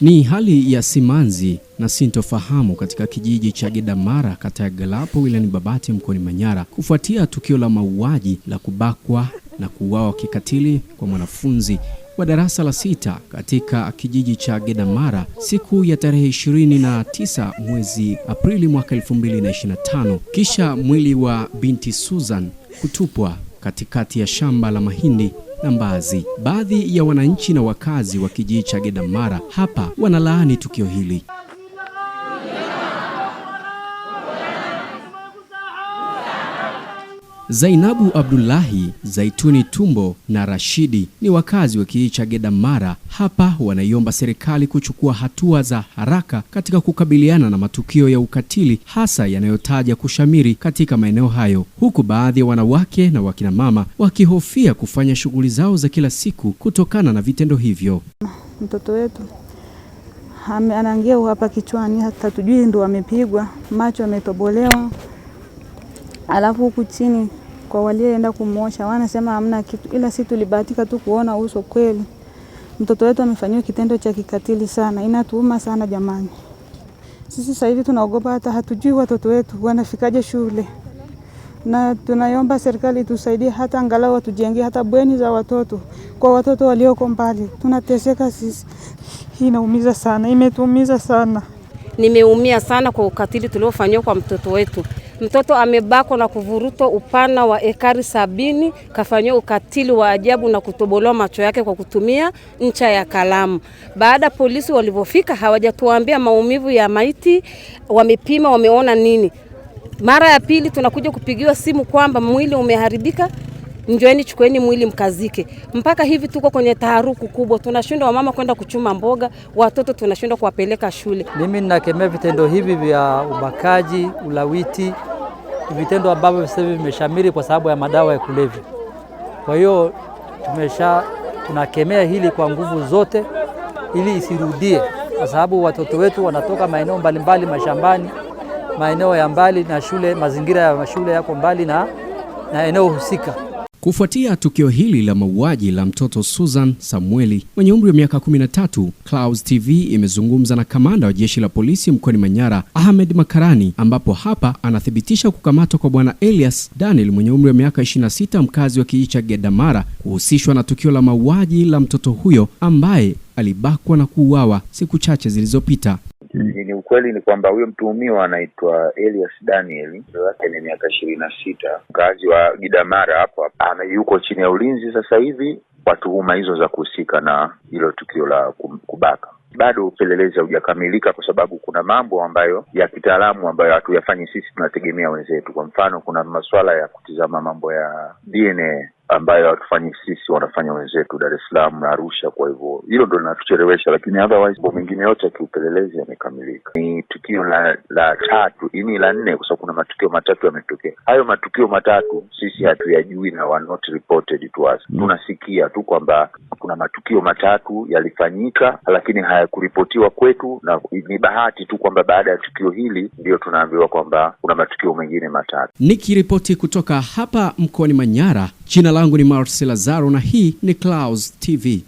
Ni hali ya simanzi na sintofahamu katika kijiji cha Gedamara kata ya Galapo wilayani Babati mkoani Manyara kufuatia tukio la mauaji la kubakwa na kuuawa kikatili kwa mwanafunzi wa darasa la sita katika kijiji cha Gedamara siku ya tarehe 29 mwezi Aprili mwaka 2025 kisha mwili wa binti Susan kutupwa katikati ya shamba la mahindi na mbaazi. Baadhi ya wananchi na wakazi wa kijiji cha Gedamara hapa wanalaani tukio hili. Zainabu Abdullahi, Zaituni Tumbo na Rashidi ni wakazi wa kijiji cha Gedamara. Hapa wanaiomba serikali kuchukua hatua za haraka katika kukabiliana na matukio ya ukatili hasa yanayotaja kushamiri katika maeneo hayo, huku baadhi ya wanawake na wakina mama wakihofia kufanya shughuli zao za kila siku kutokana na vitendo hivyo. Mtoto wetu anaangia hapa kichwani, hata tujui ndo amepigwa, macho ametobolewa, alafu huku chini kwa walioenda kumosha, wanasema hamna kitu, ila si tulibahatika tu kuona uso. Kweli mtoto wetu amefanyiwa kitendo cha kikatili sana, inatuuma sana jamani. Sisi sasa hivi tunaogopa, hata hatujui watoto wetu wanafikaje shule, na tunaomba serikali tusaidie, hata angalau watujengee hata bweni za watoto kwa watoto walioko mbali. Tunateseka sisi, hii inaumiza sana, imetuumiza sana nimeumia sana kwa ukatili tuliofanyiwa kwa mtoto wetu. Mtoto amebakwa na kuvurutwa upana wa ekari sabini, kafanyiwa ukatili wa ajabu na kutobolewa macho yake kwa kutumia ncha ya kalamu. Baada polisi walivyofika, hawajatuambia maumivu ya maiti, wamepima, wameona nini. Mara ya pili tunakuja kupigiwa simu kwamba mwili umeharibika njoeni, chukueni mwili mkazike. Mpaka hivi tuko kwenye taharuku kubwa, tunashindwa wamama kwenda kuchuma mboga, watoto tunashindwa kuwapeleka shule. Mimi ninakemea vitendo hivi vya ubakaji, ulawiti, vitendo ambavyo sasa hivi vimeshamiri kwa sababu ya madawa ya kulevya. Kwa hiyo tumesha tunakemea hili kwa nguvu zote ili isirudie, kwa sababu watoto wetu wanatoka maeneo mbalimbali, mashambani, maeneo ya mbali na shule, mazingira ya shule yako mbali na, na eneo husika. Kufuatia tukio hili la mauaji la mtoto Susan Samueli mwenye umri wa miaka 13, Clouds TV imezungumza na kamanda wa jeshi la polisi mkoani Manyara, Ahmed Makarani, ambapo hapa anathibitisha kukamatwa kwa bwana Elias Daniel mwenye umri wa miaka 26, mkazi wa kijiji cha Gedamara, kuhusishwa na tukio la mauaji la mtoto huyo ambaye alibakwa na kuuawa siku chache zilizopita. Mm. Ni ukweli ni kwamba huyo mtuhumiwa anaitwa Elias Daniel, umri wake ni miaka ishirini na sita, mkaaji wa Gidamara hapo hapo, yuko chini ya ulinzi sasa hivi kwa tuhuma hizo za kuhusika na hilo tukio la kubaka. Bado upelelezi haujakamilika kwa sababu kuna mambo ambayo ya kitaalamu ambayo hatuyafanyi sisi, tunategemea wenzetu. Kwa mfano, kuna masuala ya kutizama mambo ya DNA ambayo hatufanyi sisi, wanafanya wenzetu Dar es Salaam na Arusha. Kwa hivyo hilo ndo linatuchelewesha, lakini otherwise mambo mengine yote ya kiupelelezi yamekamilika. Ni tukio la la tatu ini la nne, kwa sababu kuna matukio matatu yametokea. Hayo matukio matatu sisi hatuyajui na were not reported to us. Mm. Tunasikia tu kwamba kuna matukio matatu yalifanyika, lakini hayakuripotiwa kwetu, na ni bahati tu kwamba baada ya tukio hili ndiyo tunaambiwa kwamba kuna matukio mengine matatu. Nikiripoti kutoka hapa mkoani Manyara. Jina langu ni Marcel Lazaro na hii ni Clouds TV.